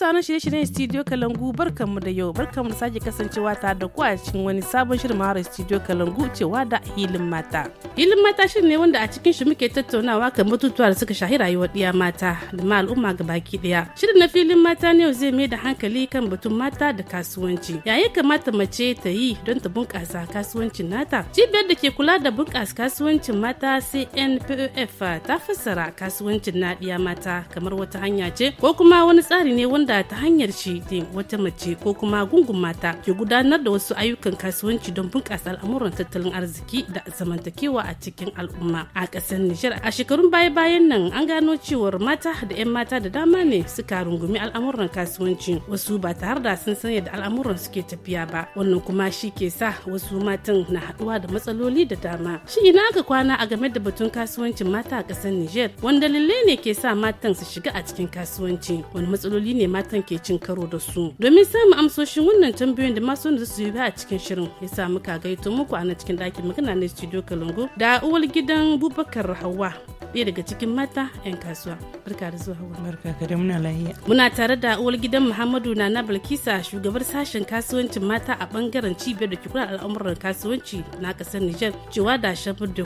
sauran shirye-shiryen studio kalangu barkanmu da yau barkanmu da sake kasancewa tare da ku a cikin wani sabon shirin maharar studio kalangu cewa da hilin mata hilin mata shirin ne wanda a cikin shi muke tattaunawa kan batutuwa da suka shahi rayuwar ɗiya mata da ma al'umma ga baki ɗaya shirin na filin mata ne yau zai mai da hankali kan batun mata da kasuwanci ya ya kamata mace ta yi don ta bunƙasa kasuwancin nata cibiyar da ke kula da bunƙasa kasuwancin mata cnpof ta fassara kasuwancin na ɗiya mata kamar wata hanya ce ko kuma wani tsari ne wanda wanda ta hanyar shi ne wata mace ko kuma gungun mata ke gudanar da wasu ayyukan kasuwanci don bunƙasa al'amuran tattalin arziki da zamantakewa a cikin al'umma a ƙasar Nijar a shekarun baya-bayan nan an gano cewar mata da 'yan mata da dama ne suka rungumi al'amuran kasuwanci wasu ba tare da sun san yadda al'amuran suke tafiya ba wannan kuma shi ke sa wasu matan na haɗuwa da matsaloli da dama shi ina aka kwana a game da batun kasuwancin mata a ƙasar Nijar wanda lalle ne ke sa matan su shiga a cikin kasuwanci wani matsaloli ne mata matan ke cin karo da su domin samun amsoshin wannan tambayoyin da masu wanda su yi a cikin shirin ya sa muka gaito muku a nan cikin ɗakin magana na studio kalungu da uwar gidan bubakar hawa ɗaya daga cikin mata 'yan kasuwa barka da zuwa hawa barka ka muna lahiya muna tare da uwar gidan muhammadu nana balkisa shugabar sashen kasuwancin mata a bangaren cibiyar da ke kula al'amuran kasuwanci na ƙasar nijar cewa da shafin da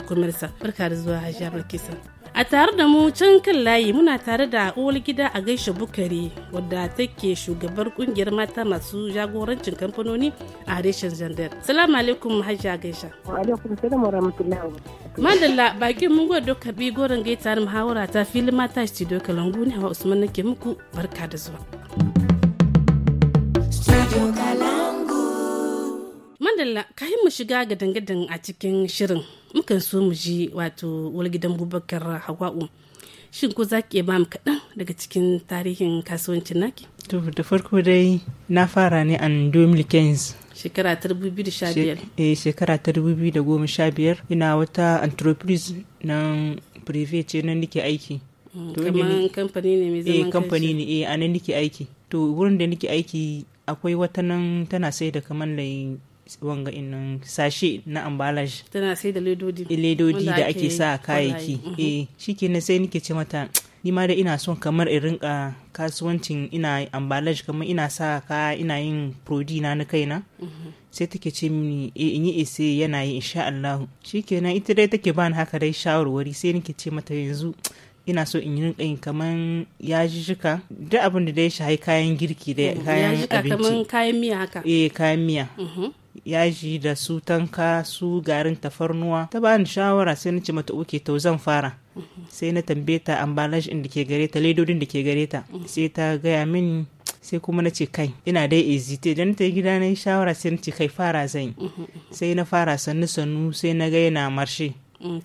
barka da zuwa hajiya balkisa a tare da mu can kan layi muna tare da uwar gida a gaishe bukari wadda take shugabar kungiyar mata masu jagorancin kamfanoni a harshen zandar salamu alaikum hajja gaisha madalla bakin mun gwada karbi goron gaita muhawara ta filin mata studio kalangu ne wa usman nake muku barka da zuwa madalla yi mu shiga ga dangadan a cikin shirin mukan so mu ji wato gidan bubakar hawa'u shin ko za ki ba mu kaɗan daga cikin tarihin kasuwancin naki to da farko dai na fara ne an 2015 shekara ta 2015 eh shekara ta 2015 ina wata entreprise nan prive ce nan nake aiki mm, kamar kamfani ne mai zaman eh, kamfani ne eh anan nake aiki to wurin da nake aiki akwai wata nan tana sai da kamar lai wanga innan sashe na ambalage tana sai da ledodi eh, ledodi da ake sa kayayyaki mhm. eh shikenan sai nake ce mata ni ma da ina son kamar in rinka kasuwancin ina ambalage kamar ina sa ka ina yin prodi na na kaina mhm. sai take ce mini e in yi ise yana yi insha Allah shikenan ita dai take bani haka dai shawarwari sai nake ce mata yanzu ina so in yi rinka yin kaman yajijjika duk abin da dai shi kayan girki da mhm. kayan abinci kayan miya haka eh kayan miya yaji da su tanka su garin tafarnuwa ta bani shawara sai na ce mata oke to zan fara sai na tambaye ta din da ke gare ta ledodin da ke gare ta sai ta gaya min, sai kuma na ce kai ina dai ezite don ta gida na yi shawara sai na ce kai fara zan sai na fara sannu sannu sai na ga yana marshe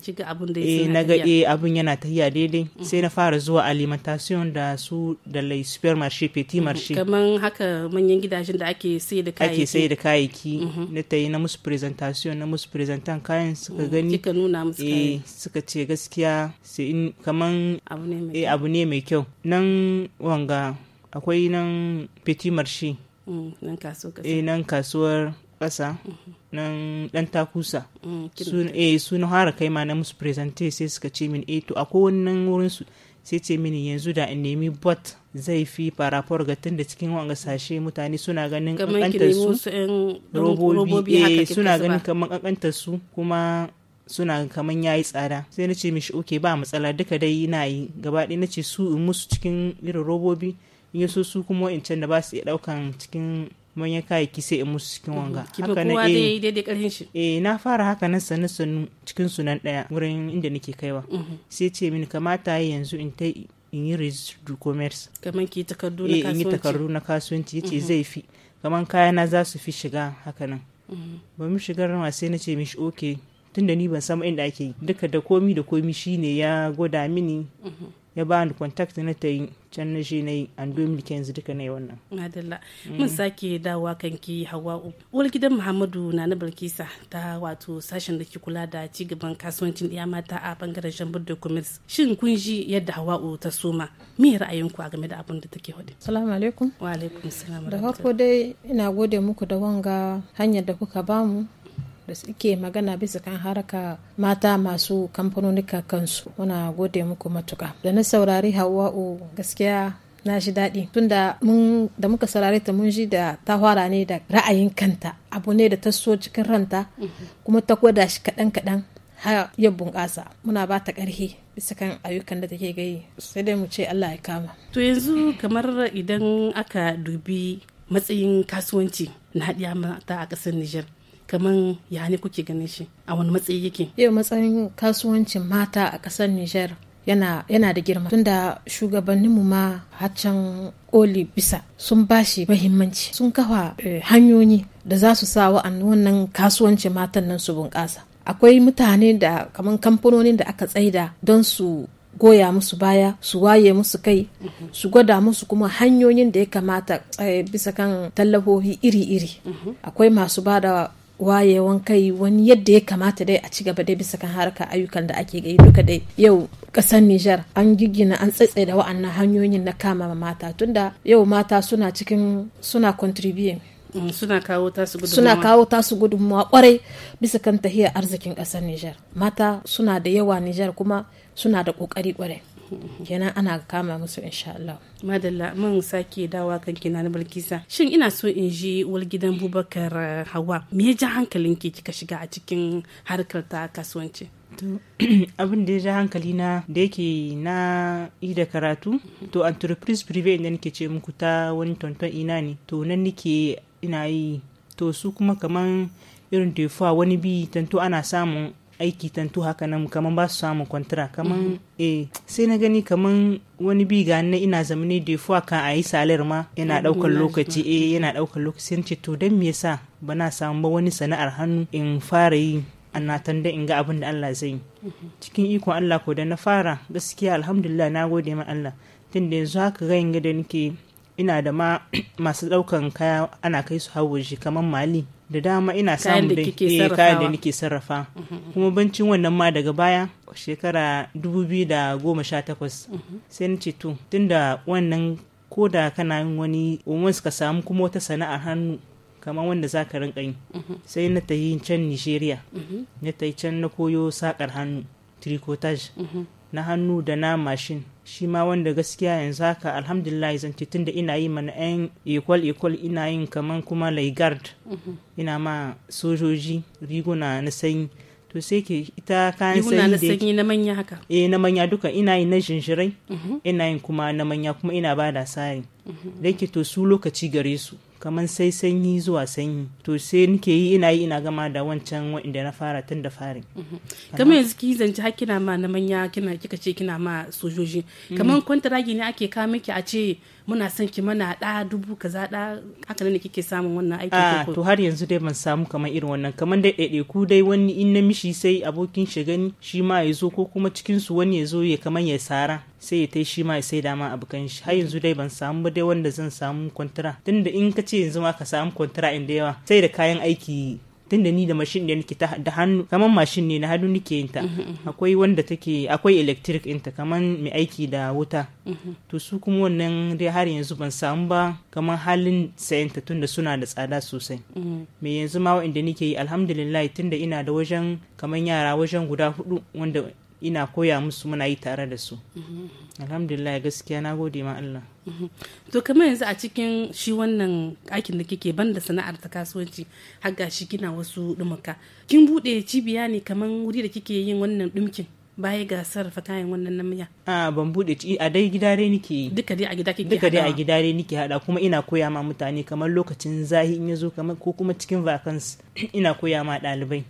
kiga abun da eh, na ga eh abun yana tahiya daidai sai na fara zuwa alimentation da su da lai supermarché petit mhm. marché kaman haka manyan gidajen da ake sai da kayayyaki ake sai da kayayyaki na tayi na musu presentation na musu presentan kayan suka mhm. gani kika nuna musu eh, kayan suka ce gaskiya sai in kaman abu ne mai eh, kyau nan wanga akwai nan petit marché mm, nan kasuwar kasa. nan dan takusa mm, eh, sun hara kai ma na musu presente sai suka ce min eh to akwai wannan wurin su sai ce mini yanzu da in nemi bot zai fi parafor ga tun da cikin wanga sashe mutane suna ganin kankantar su robobi eh, suna ganin kamar kankantar su kuma suna kaman ya yi tsada sai na ce mishi oke ba matsala duka dai na yi gabaɗaya na ce su in musu cikin irin robobi in so su kuma in can da ba su iya ɗaukan cikin manyan kayayyaki sai in musu cikin mhm. wanga haka na eh daidai karshen shi eh na fara haka nan sanu sanu cikin sunan daya wurin inda nake kaiwa mhm. sai ce mini kamata yanzu in ta in yi registered commerce kaman ki takardu na kasuwanci eh in yi takardu na kasuwanci yace mhm. zai fi kaman kayana za su fi shiga haka nan ba mu shigar ma sai na ce mishi okay tunda ni ban san inda ake yi duka da komi da komi shine ya gwada mini ya ba ni contact na ta yi can na shi na yi an domin yanzu duka na yi wannan. Adalla, mm. mun sake dawowa kan ki Uwar gidan Muhammadu na na Bilkisa ta wato sashen da ke kula da ci gaban kasuwancin iya mata a bangaren Shambur da commerce. Shin kun ji yadda Hawa'u ta soma? Me ra'ayinku a game da abin da take hudu? Salamu alaikum. Wa alaikum salam. Da farko dai ina gode muku da wanga hanyar da kuka bamu da suke magana bisa kan haraka mata masu kamfanonika kansu muna gode muku matuka da na saurari hawa'u gaskiya na shi daɗi tunda mun da muka saurari ta mun ji da ta fara ne da ra'ayin kanta abu ne da ta so cikin ranta kuma ta gwada shi kaɗan kaɗan har ya bunƙasa muna ba ta ƙarfi bisa kan ayyukan da take gayi sai dai mu ce Allah ya kama to yanzu kamar idan aka dubi matsayin kasuwanci na hadiya mata a ƙasar Nijar kamar ya ne kuke ganin shi a wani matsayi yake yau matsayin kasuwancin mata a ƙasar nijar yana, yana da girma tunda mu ma haccan koli bisa sun bashi mahimmanci sun kafa eh, hanyoyi da za su sa wa'annan wannan kasuwancin matan nan su bunƙasa akwai mutane da kamar kamfanonin da aka tsaida don su goya musu baya su waye musu kai mhm. su gwada musu kuma hanyoyin da ya kamata eh, bisa kan tallafohi iri-iri mhm. akwai masu ba da wayewan kai wani yadda ya kamata dai a ci gaba dai bisa kan harkar ayyukan da ake gani duka dai yau kasar Nijar an giggina an tsaitsai da wa'annan hanyoyin na kama mata tunda yau mata suna cikin suna contribute mm, suna kawo tasu gudummawa. suna kwarai bisa kan tahiyar arzikin ƙasar Nijar mata suna da yawa Nijar kuma suna da ƙoƙari kwarai yana ana kama musu insha Allah madalla mun sake dawa kan kina na barkisa shin ina so in ji wal gidan Bubakar Hawa me ya hankalin hankalinki kika shiga a cikin harkar ta kasuwanci to abin da ya ji hankali na da yake na yi da karatu to entreprise privé inda nake ce muku ta wani tonton ina ne to nan nake ina yi to su kuma kaman irin tefuwa wani bi tanto ana samun aiki tantu haka nan kaman ba su samun kwantara kaman mhm. eh sai na gani kaman wani bi ga na ina zamani da fuwa kan a yi salar ma yana daukar lokaci eh yana daukar lokaci sai to don me yasa ba na samu ba wani sana'ar hannu in fara yi annatan da in ga abin da Allah zai yi mhm. cikin ikon Allah ko da na fara gaskiya alhamdulillah na gode ma Allah tunda yanzu haka ga da nake ina da ma masu daukan kaya ana kai su hawo shi kaman mali da dama ina samun dai eh, kayan da nake sarrafa mhm. kuma bancin wannan ma daga baya shekara 2018 mhm. sai na ce to tunda wannan ko da kana yin wani umar suka samu kuma wata sana'ar hannu kamar wanda za ka rinka yi mhm. sai na ta yi can nigeria na ta yi can na koyo sakar hannu tricotage na hannu da na mashin shi ma wanda gaskiya yanzu haka alhamdulillah zance tun da ina yi mana yan equal equal ina yin kaman kuma laigard mhm. ina ma sojoji riguna na sanyi to sai ke ita kayan sanyi da sanyi na manya haka eh na manya duka ina yin na jinjirai mhm. ina yin kuma na manya kuma ina ba da sari mhm. da to su lokaci gare su kamar sai sanyi zuwa sanyi to sai nike yi ina yi ina gama da wancan wanda na fara tun da farin mhm. kamar yanzu ki zance har kina ma na manya kina kika ce kina ma sojoji mm. kamar kwantaragi ne ake kawo miki a ce muna son ki mana da dubu kaza da haka ne kike samun wannan aikin ah, to har yanzu dai ban samu kamar irin wannan kamar dai ku dai wani in na mishi sai abokin shi gani shi ma ya zo ko kuma cikin su wani ya zo ya kamar ya sara sai ya tai shi ma ya sai dama abokan shi har yanzu dai ban samu ba dai wanda zan samu kwantara tunda in ka ce yanzu ma ka samu kwantara da yawa sai da kayan aiki tunda ni da mashin ne nake da hannu kaman mashin ne na hannu nake yin ta mm-hmm, mm-hmm. akwai wanda take akwai electric ɗinta kaman mai aiki da wuta mm-hmm. to su kuma wannan dai har yanzu ban samu ba kaman halin sayan ta tunda suna da tsada sosai me yanzu ma wa'anda nake yi alhamdulillah tunda ina da wajen kaman yara wajen guda hudu wanda ina koya musu muna yi tare da su alhamdulillah gaskiya na gode ma Allah to kamar yanzu a cikin shi wannan aikin da kike banda sana'ar ta kasuwanci har shi kina wasu dumuka kin bude cibiya ne kamar wuri da kike yin wannan dumkin baya ga sarrafa kayan wannan namiya a ban bude ci a dai gidare nike yi duka dai a gida kike duka dai a gida dai nike hada kuma ina koya ma mutane kamar lokacin zahi in yazo kamar ko kuma cikin vacancy ina koya ma dalibai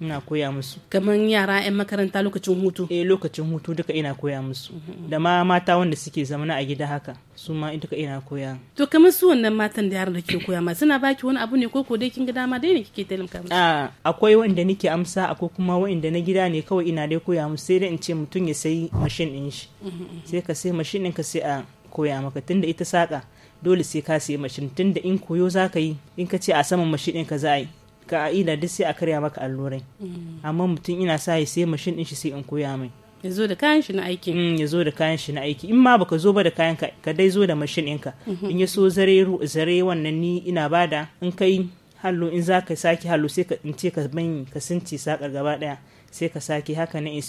ina koya musu kamar yara 'yan makaranta lokacin hutu eh lokacin hutu duka ina koya musu da ma mata wanda suke zamana a gida haka su ma duka ina koya to kamar su wannan matan da yaran da ke koya ma suna baki wani abu ne ko ko dai kin ga dama dai ne kike taimaka musu a ah, akwai wanda nake amsa akwai kuma wanda na gida ne kawai ina dai koya musu sai dai in ce mutum ya sai mashin din shi sai ka sai mashin din ka sai a koya maka tunda ita saka dole sai ka sai mashin tunda in koyo zaka yi in ka ce a saman mashin din ka za a yi ina duk sai a karya maka allurai mm. amma mutum ina sa ya sai mashin din shi sai in koya mai ya zo da kayan shi na aiki mm, ya zo da kayan shi na aiki in ma baka zo ba da kayan ka ka dai zo da mashin ɗinka mm-hmm. in ya so zare zare wannan ni ina bada in kai hallo in za ka sake hallo sai ka in ce ka bani ka sinci sakar gaba daya sai ka sake haka na in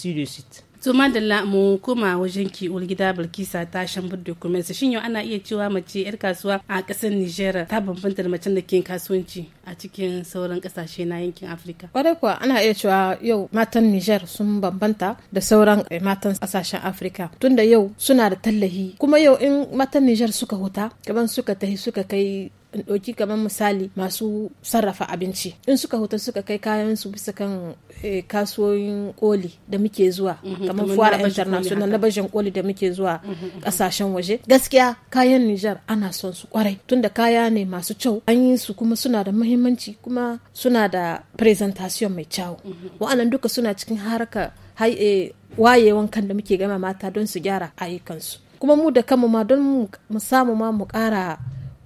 to madalla mu koma wajen ki gida bilkisa ta shan budde kuma shin yau ana iya cewa mace yar kasuwa a kasar niger ta bambanta da macen da ke kasuwanci a cikin sauran kasashe na yankin afirka kwarai kuwa ana iya cewa yau matan nijar sun bambanta da sauran eh, matan kasashen afirka tunda yau suna da tallahi kuma yau in matan nijar suka huta kaman suka tahi suka kai in ɗauki kamar misali masu sarrafa abinci in suka huta suka kai kayan su bisa kan eh, kasuwoyin koli da muke zuwa mhm, kamar fuwar international na bajin koli da muke zuwa kasashen mhm, mhm, waje gaskiya kayan Nijar ana son su kwarai tunda kaya ne masu kyau an yi su kuma suna da muhimmanci kuma suna da presentation mai kyau wa'annan duka suna cikin harka eh, wayewan kan da muke gama mata don su gyara ayyukansu kuma mu da kanmu ma don mu samu ma mu kara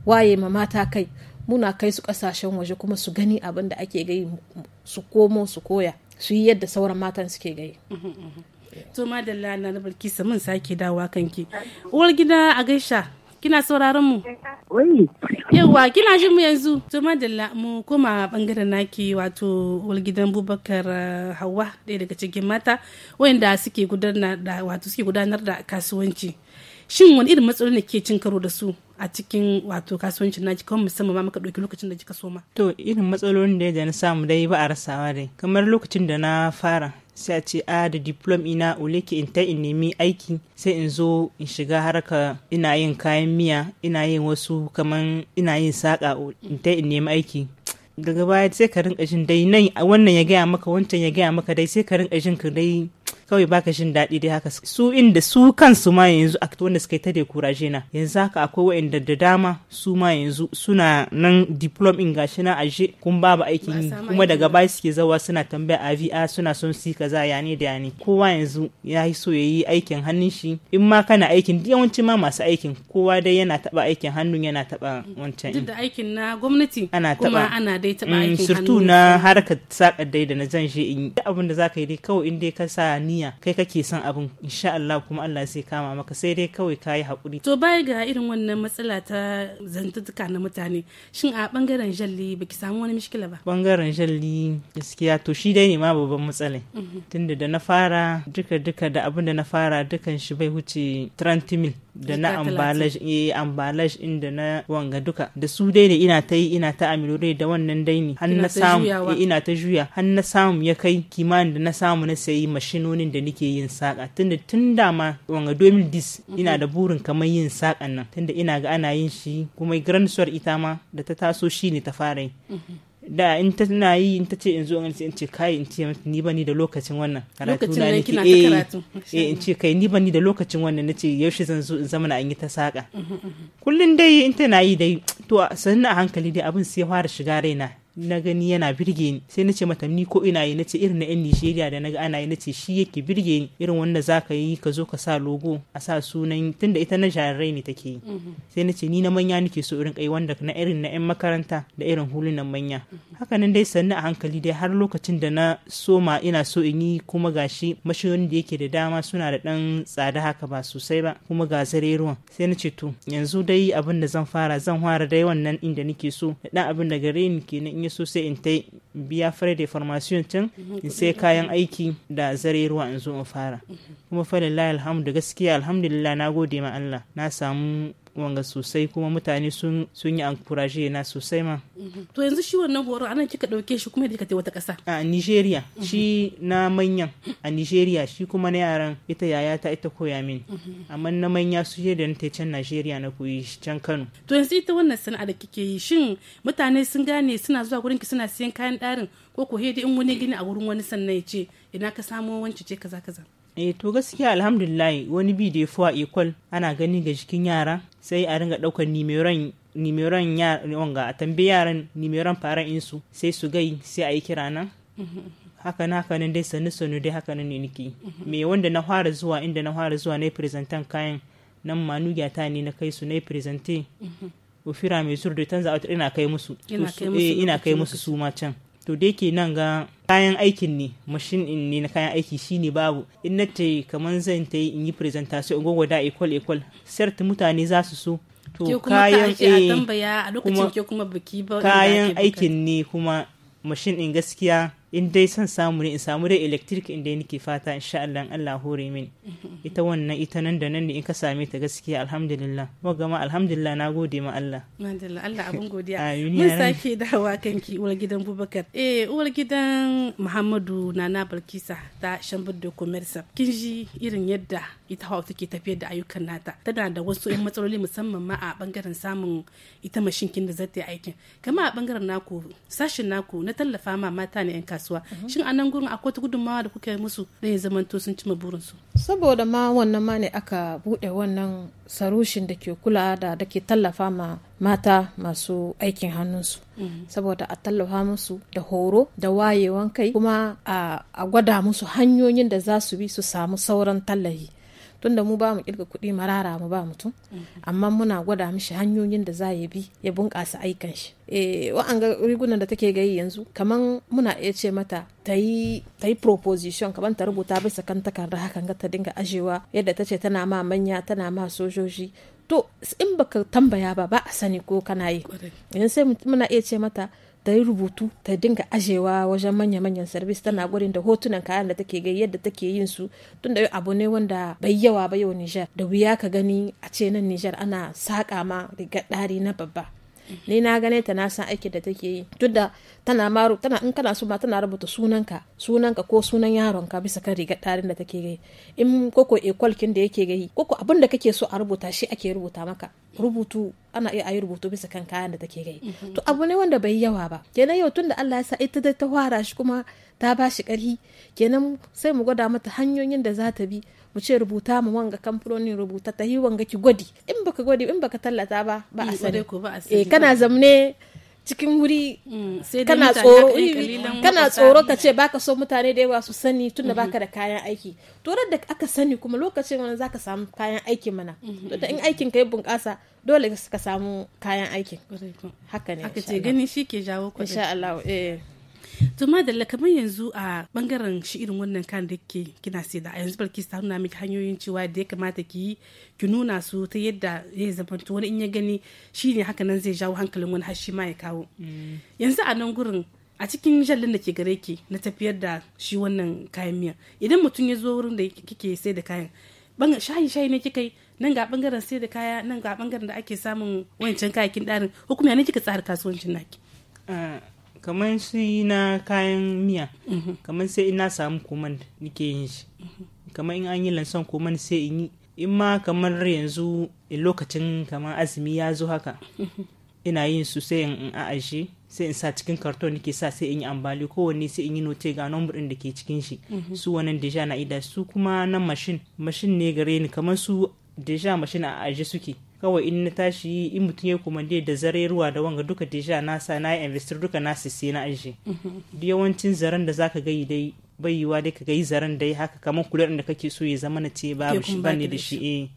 waye ma mata kai muna kai su kasashen waje kuma su gani abin da ake gai su komo su koya su yi yadda sauran matan suke gai mhm, mhm. to madalla na barki mun sake dawa kanki uwar gida a gaisha kina sauraron mu yawa kina shi mu yanzu to madalla mu koma bangaren naki wato walgidan bubakar eh, hawa ɗaya daga cikin mata wayanda suke gudanar da wato kasuwanci shin wani irin matsaloli ne ke cin karo da su a cikin wato kasuwancin naki kuma musamman ma muka ɗauki lokacin da kika soma to irin matsalolin da ya na samu dai ba a rasawa dai kamar lokacin da na fara sai a ce a ah, da diplom ina ke in ta in nemi aiki sai in zo in shiga harka ina yin kayan miya ina yin wasu kaman ina yin saƙa in ta in nemi aiki daga baya sai ka rinka jin dai nan wannan ya gaya maka wancan ya gaya maka dai sai ka rinka jin ka dai kawai baka jin daɗi dai haka su inda su kansu ma yanzu act wanda suka yi ta dekuraje na yanzu haka akwai wa'inda da dama su ma yanzu suna nan diplom in gashi na aje kun babu aikin yi kuma daga baya suke zawa suna tambaya vr suna son su kaza ya ne da ya ne kowa yanzu ya yi so ya yi aikin hannun shi in ma kana aikin yawanci ma masu aikin kowa dai yana taɓa aikin hannun yana taɓa wancan duk da aikin na gwamnati ana taɓa kuma ana dai taɓa mm, aikin hannun na harkar sakar dai da na zan je in yi abin da ka yi dai kawai in dai ka sa ni niyya kai kake son abin insha Allah kuma Allah sai kama maka sai dai kawai ka yi hakuri to baya ga irin wannan matsala ta zantutuka na mutane shin a bangaren jalli baki samu wani mishkila ba bangaren jalli gaskiya to shi dai ne ma babban matsalai mhm. tunda da na fara duka duka da abin da na fara dukan shi bai wuce 30 da na ambalage eh ambalage da na wanga duka da su dai da ina ta yi ina ta amilore da wannan dai ne har eh, juya har na samu ya kai kimanin da na samu na sayi mashinoni yayin da nake yin saƙa tunda tun ma wanga 2010 ina mhm. da burin kamar yin saƙan nan tunda ina ga ana yin shi kuma grandsuwar ita ma da ta taso shi ne ta fara yi mhm. da in ta na yi in ta ce in zo in ce kai in ce ni ba ni da lokacin wannan karatu na ke eh, eh in ce kai ni ba ni da lokacin wannan na ce yaushe zan zo in zama na an yi ta saka mhm, kullun dai in ta na yi dai to sannan a hankali dai abin sai fara shiga raina na gani yana birge ni sai na ce mata ni ko ina yi nace irin na yan Nigeria da na ga ana yi nace shi yake birge ni irin wanda zaka yi ka zo ka sa logo a sa sunan tunda ita na jarirai ne take yi mm-hmm. sai nace ni na manya nake so irin kai wanda na irin na yan makaranta da irin hulunan manya mm-hmm. hakanan dai sannu a hankali dai har lokacin da na soma ina so in yi kuma gashi mashoyin da yake da dama suna da dan tsada haka ba sosai ba kuma ga zare sai na ce to yanzu dai abin da zan fara zan fara dai wannan inda nake so da dan abin da gare ni kenan yi so sai in ta biya fara da formation can mhm, in sai kayan aiki da zare ruwa in zo in fara mhm. kuma fa lillahi alhamdu gaskiya alhamdulillah na gode ma Allah na samu wanga sosai kuma mutane sun yi ankuraje na sosai ma mhm. to yanzu shi wannan horo anan kika ɗauke shi kuma da kika wata kasa a Nigeria shi na manyan a Nigeria shi kuma na yaran ita yaya ta ita koya min mhm. amma na manya su je da ta can Nigeria na koyi can Kano to yanzu ita wannan sana'a da kike yi shin mutane sun gane suna zuwa gurin ki suna siyan kayan ɗarin, ko ko in wani gini a wurin wani sannan ya ce ina ka samo wance ce kaza kaza eh to gaskiya alhamdulillah wani bi da ya fuwa ekol ana gani ga jikin yara sai a ringa ɗaukar nimeron nimeron wanga a tambi yaran nimeron fara insu sai su gai sai a yi kira nan haka na haka nan dai sannu sannu dai haka nan ne niki me wanda na fara zuwa inda na fara zuwa na yi presentan kayan nan manugiya ta ne na kai su na yi presente mhm. ofira mai zur da tanza ina kai musu eh, ina kai musu su ma can to da yake nan ga kayan aikin ne mashin in ne na kayan aiki shine babu in na ta kamar zan ta yi in yi presentation in gwagwada equal equal cert mutane za su so to kayan a ke kuma kayan eh, aikin ne kuma mashin in gaskiya in dai son samu ne in samu dai electric in dai nake fata insha Allah Allah hore min ita wannan ita nan da nan ne in ka same ta gaskiya alhamdulillah mu gama alhamdulillah na gode ma Allah alhamdulillah Allah abun godiya mun sake dawa kanki uwar gidan Bubakar eh uwar gidan Muhammadu Nana Balkisa ta Shambud da Commerce kin ji irin yadda ita hawa take tafiyar da ayyukan nata tana da wasu yan matsaloli musamman ma a bangaren samun ita mashinkin da zata yi aikin kama a bangaren naku sashin naku na tallafa ma mata ne yan kasuwa mhm. shin a nan gurin akwai gudunmawa da kuka musu da ya zamanto sun cima burinsu saboda ma wannan ma ne aka bude wannan sarushin da ke kula da da ke tallafa ma mata masu aikin hannunsu mhm. saboda a tallafa musu da horo da wayewan kai kuma a gwada musu hanyoyin da za su bi su samu sauran tallafi tunda mu ba mu kirga kuɗi marara mu ba mutum amma muna gwada mishi hanyoyin da za ya bi ya bunƙasa aikan shi eh wa'anga rigunan da take gayi yanzu kaman muna iya ce mata ta yi proposition kaman ta rubuta bisa kan takarda hakan ga ta dinga ajewa yadda ta ce tana ma manya tana ma sojoji to in baka tambaya ba ba a sani ko kana yi sai muna iya ce mata ta yi rubutu ta dinga ajewa wajen manya-manyan sarbis tana gurin da hotunan kayan da take gai yadda take yin su tun da abu ne wanda bai yawa ba yau Nijar da wuya ka gani a ce nan Nijar ana saƙa ma rigar ɗari na babba ni na gane ta na san aikin da take yi duk da tana ma tana in kana so ma tana rubuta sunanka sunanka ko sunan yaronka bisa kan rigar ɗarin da take gai in koko ekwalkin da yake gai koko abin da kake so a rubuta shi ake rubuta maka rubutu ana iya ayi rubutu bisa kan kayan da take gai mhm. to abu ne wanda bai yawa ba kenan yau tunda Allah ya sa ita da ta fara shi kuma ta ba shi ƙarfi kenan sai mu gwada mata hanyoyin da za ta bi mu ce rubuta mu wanga kamfanonin rubuta ta yi wanga ki gwadi in baka gwadi in baka tallata ba ba a sani eh kana zamne cikin wuri mm, kana tsoro eh, kana tsoro ka ce baka so mutane da yawa su sani tunda mm-hmm. baka da kayan aiki to da aka sani kuma lokacin wani zaka samu kayan aiki mana mm-hmm. to da in aikin ka ya bunƙasa dole ka samu kayan aikin haka ne aka ce gani shi ke jawo kuɗi insha Allah eh to madalla kamar yanzu a bangaren shi irin wannan kan da ke kina sai da a yanzu barki sa nuna miki hanyoyin cewa da ya kamata ki yi ki nuna su ta yadda zai zamanto wani in ya gani shi ne haka nan zai jawo hankalin wani har shi ma ya kawo mm. yanzu a nan gurin a cikin jallin da ke gare ki na tafiyar da shi wannan kayan miya idan mutum ya zo wurin da kike sai da kayan bangar shayi shayi ne kika nan ga bangaren sai da kaya nan ga bangaren da ake samun wancan kayakin ɗarin hukumya ne kika tsara kasuwancin naki ah, kamar su yi na kayan miya mhm. kamar sai ina samu koman nike yin shi mhm. kamar in an yi lansan koman sai in yi in ma kamar yanzu lokacin kamar azumi ya zo haka ina yin su sai in a'ashe sai in sa cikin karton nake sa sai in yi ambali kowanne sai in yi note ga nomba din da ke cikin shi mhm. su wannan deja na ida su kuma na mashin mashin ne gare ni kamar su deja mashin a aje suke kawai in na tashi in mutum ya komande da zare ruwa da wanga duka deja na sa na yi investir duka na sisi na aji mhm. duk yawancin zaren da zaka gayi dai bai yiwa dai ka gayi zaren dai haka kamar kular da kake so ya zama na ce babu shi bane da shi eh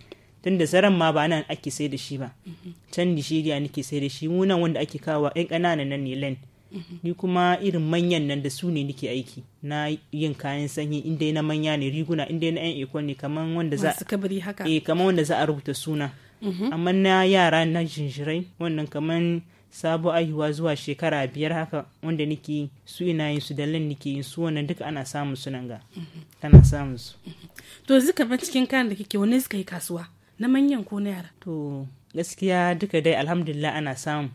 tun da zaren ma ba nan ake sai da shi ba mhm. can Nigeria nake sai da shi mu nan wanda ake kawo yan ƙananan nan ne len. Mhm. ni kuma irin manyan nan da su ne nake aiki na yin kayan sanyi inda na manya ne riguna inda na yan ikon ne eh, kamar wanda za a rubuta suna Mhm. amma na yara na jinjirai wannan kaman sabo aihuwa zuwa shekara biyar haka wanda nike su ina yin su dalilin nike yin su wannan duka ana samun su nan ga mhm. ana samun su mhm. to zika ba cikin kayan da kike wani suka yi kasuwa na manyan ko na yara to gaskiya duka dai alhamdulillah ana samu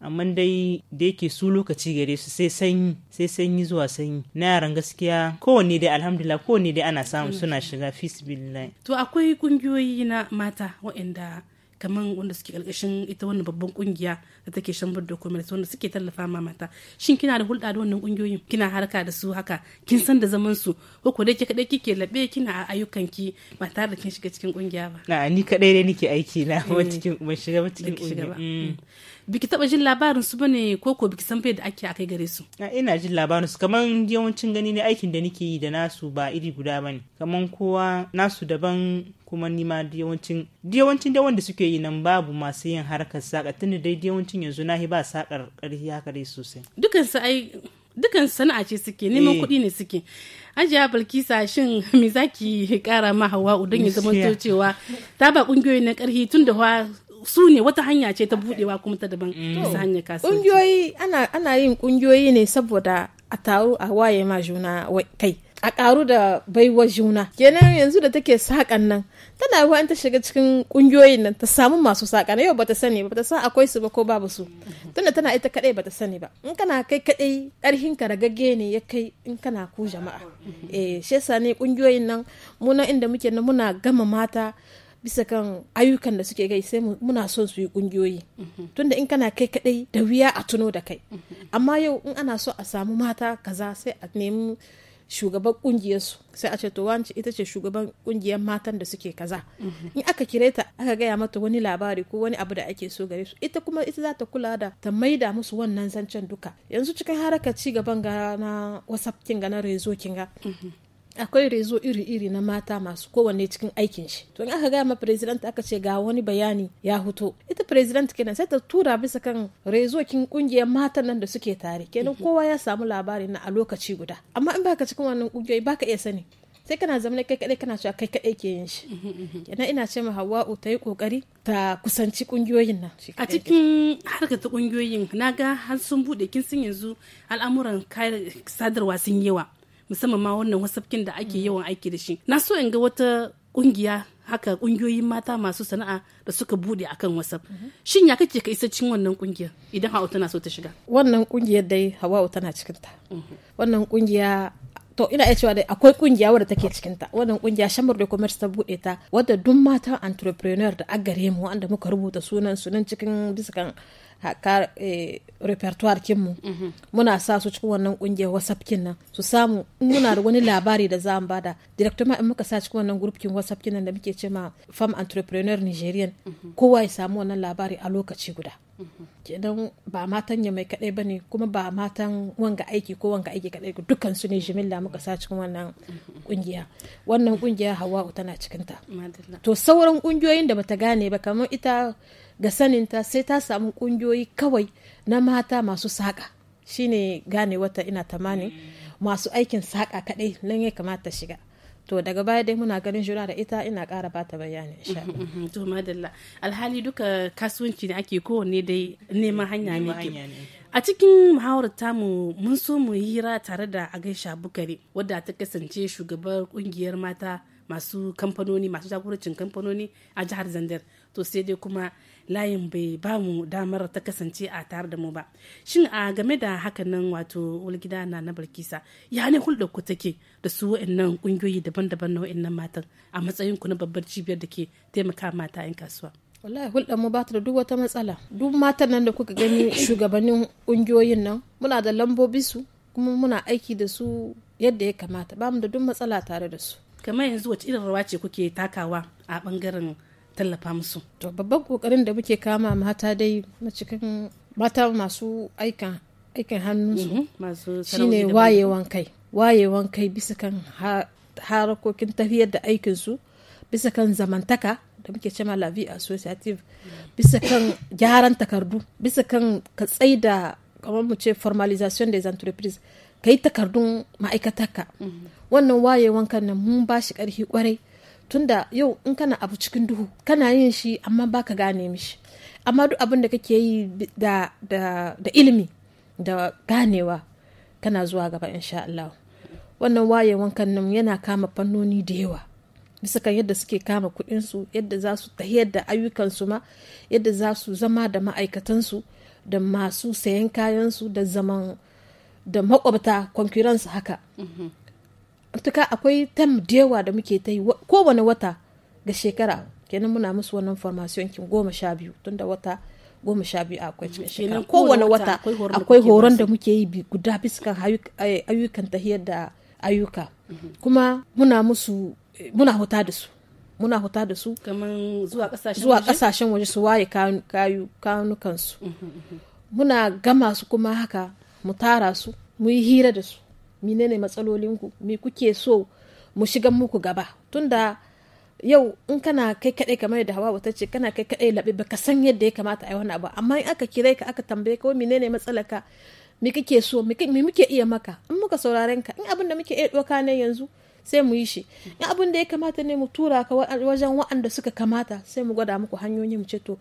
amma dai da yake su lokaci gare su sai sanyi sai sanyi zuwa sanyi na yaran gaskiya kowanne dai alhamdulillah kowanne dai ana samu suna shiga fisbillahi to akwai kungiyoyi na mata waɗanda kamar wanda suke ƙarƙashin ita wannan babban kungiya da take shambar da commerce wanda suke tallafa ma mata shin kina da hulɗa da wannan kungiyoyin kina harka da su haka kin san da zaman su ko ko dai kadai kike labe kina a ayyukan ki ba tare da kin shiga cikin kungiya ba na ni kadai dai nake aiki na eh, ban shiga ba cikin kungiya mm. Mm. biki taba jin labarin su bane ko ko biki san da ake akai gare su ina jin labarin su kaman yawancin gani ne aikin da nake yi da nasu ba iri guda bane kaman kowa nasu daban kuma nima yawancin yawancin da wanda suke yi nan babu masu yin harkar saka tunda dai yawancin yanzu nahi ba sakar karfi haka dai sosai dukan su ai dukan sana'a ce suke neman eh. kuɗi ne suke hajiya bilkisa shin me zaki kara ma hawa'u don ya zama cewa ta ba ƙungiyoyi na karfi tun da su ne wata hanya ce ta budewa kuma ta daban mm. bisa hanyar kasuwanci ana yin kungiyoyi ne saboda a taru a waye ma juna kai a karu da baiwa juna kenan yanzu da take sakan nan tana ruwa ta shiga cikin kungiyoyin nan ta samu masu saka na yau bata sani ba bata san akwai su ba ko babu su mm. tunda tana ita kadai bata sani ba in kana kai kadai karhin ka ragage ne ya kai in kana ku jama'a mm. eh shi ne kungiyoyin nan mu inda muke nan muna gama mata bisa kan ayyukan da suke gai sai muna son su yi kungiyoyi mhm. tunda in kana kai kadai da wuya a tuno da kai mhm. amma yau in ana so a samu mata kaza sai a nemi shugaban su sai a ce to wance ita ce shugaban kungiyar matan da suke kaza mhm. in aka kire ta aka gaya mata wani labari ko wani abu da ake so gare su ita kuma ita za ta kula da ta maida musu wannan zancen duka yanzu cikin haraka ci gaban ga na whatsapp kinga na rezo kinga akwai rezo iri-iri na mata masu kowanne cikin aikin shi to in aka gaya ma president aka ce ga wani bayani ya huto ita president kenan sai ta tura bisa kan rezo kin kungiyar matan nan da suke tare kenan mhm. kowa ya samu labari na a lokaci guda amma in baka cikin wannan kungiyoyi baka iya sani sai kana zama kai kadai kana cewa kai kadai ke yin shi mhm, mhm, kenan ina ce ma Hawwa'u ta yi kokari ta kusanci kungiyoyin nan a cikin harkar ta kungiyoyin naga har sun bude kin sun yanzu al'amuran sadarwa sun yawa musamman ma wannan wasafkin da ake mm. yawan aiki da shi na so in ga wata kungiya haka kungiyoyin mata masu sana'a da suka bude akan wasaf mm-hmm. shin ya kake ka isa cikin wannan kungiyar idan hawa tana so ta shiga wannan kungiyar dai hawa tana cikin ta mm-hmm. wannan kungiya to ina iya cewa dai akwai kungiya wadda take cikin ta wannan kungiya shamar da kuma ta bude ta wadda duk mata entrepreneur da agare mu wanda muka rubuta sunan sunan cikin bisa haƙa eh, repertoire kinmu mhm. muna sa su cikin wannan ƙungiyar whatsapp kin nan su samu in muna da wani labari da za mu bada ma in muka sa cikin wannan group kin whatsapp kin nan da muke cewa ma entrepreneur nigerian mhm. kowa ya samu wannan labari a lokaci guda mhm. kenan ba matan ya mai kadai bane kuma ba matan wanga aiki ko wanga aiki kadai dukkan su ne jimilla muka sa cikin wannan kungiya wannan kungiya hawa'u tana cikinta to sauran kungiyoyin da bata gane ba kamar ita ga saninta sai ta samu kungiyoyi kawai na mata masu saƙa shine gane wata ina tamani masu aikin saƙa kaɗai nan ya kamata shiga to daga baya dai muna ganin juna da ita ina ƙara bata bayani to madalla alhali duka kasuwanci ne ake kowanne dai neman hanya ne a cikin muhawarar tamu mun so mu hira tare da agaisha bukari wadda ta kasance shugabar kungiyar mata masu kamfanoni masu jagorancin kamfanoni a jihar zandar to sai dai kuma layin bai ba mu damar ta kasance a tare da mu ba shin a game da hakanan wato walgida na na barkisa ya ne hulɗa ku take da su wa'annan ƙungiyoyi daban-daban na wa'annan matan a matsayin ku na babbar cibiyar da ke taimaka mata 'yan kasuwa wallahi hulɗar mu ba ta da duk wata matsala duk matan nan da kuka gani shugabannin ƙungiyoyin nan muna da lambobi su kuma muna aiki da su yadda ya kamata ba mu da duk matsala tare da su kamar yanzu wacce irin rawa ce kuke takawa a bangaren tallafa musu to babban kokarin da muke kama mata dai na cikin mata masu aikin aikin Shi shine wayewan kai wayewan kai bisa kan harakokin tafiyar da aikinsu bisa kan zamantaka da muke cema la vie associative bisa kan gyaran takardu bisa kan ka tsaida kamar mu ce formalization des entreprises ka yi takardun ma'aikatarka wannan wayewan kan nan mun ba shi ƙarfi kwarai tunda yau in kana abu cikin duhu kana yin shi amma ba ka gane mishi amma duk abin da kake yi da, ilimi da ganewa kana zuwa gaba insha Allah wannan wayewan kan nan yana kama fannoni da yawa bisa kan yadda suke kama su yadda za su tahiyar ayyukan su ma yadda za su zama da ma'aikatansu da masu sayan kayansu da zaman da makwabta konkuransu haka tuka akwai tam da yawa da muke ta yi kowane wata ga shekara kenan muna musu wannan formation kin goma sha biyu tunda wata goma sha biyu akwai cikin mm, shekara kowane wata akwai horon da muke yi guda biskan ayyukan tahiyar da ayyuka mm-hmm. kuma muna musu muna huta da su muna huta da su zuwa kasashen waje su waye kanukansu mm-hmm, mm-hmm. muna gama su kuma haka mu tara su mu yi hira da su menene matsalolinku me kuke so mu shiga muku gaba tunda yau in kana kai kaɗai kamar da hawa wata ce kana kai kaɗai labe baka san yadda ya kamata a yi wani abu amma in aka kira ka aka tambaye ka wani menene matsalaka me kake so me muke iya maka in muka sauraren ka in abin da muke iya doka ne yanzu sai mu yi shi in abin da ya kamata ne mu tura ka wajen waɗanda suka kamata sai mu gwada muku hanyoyi mu ce to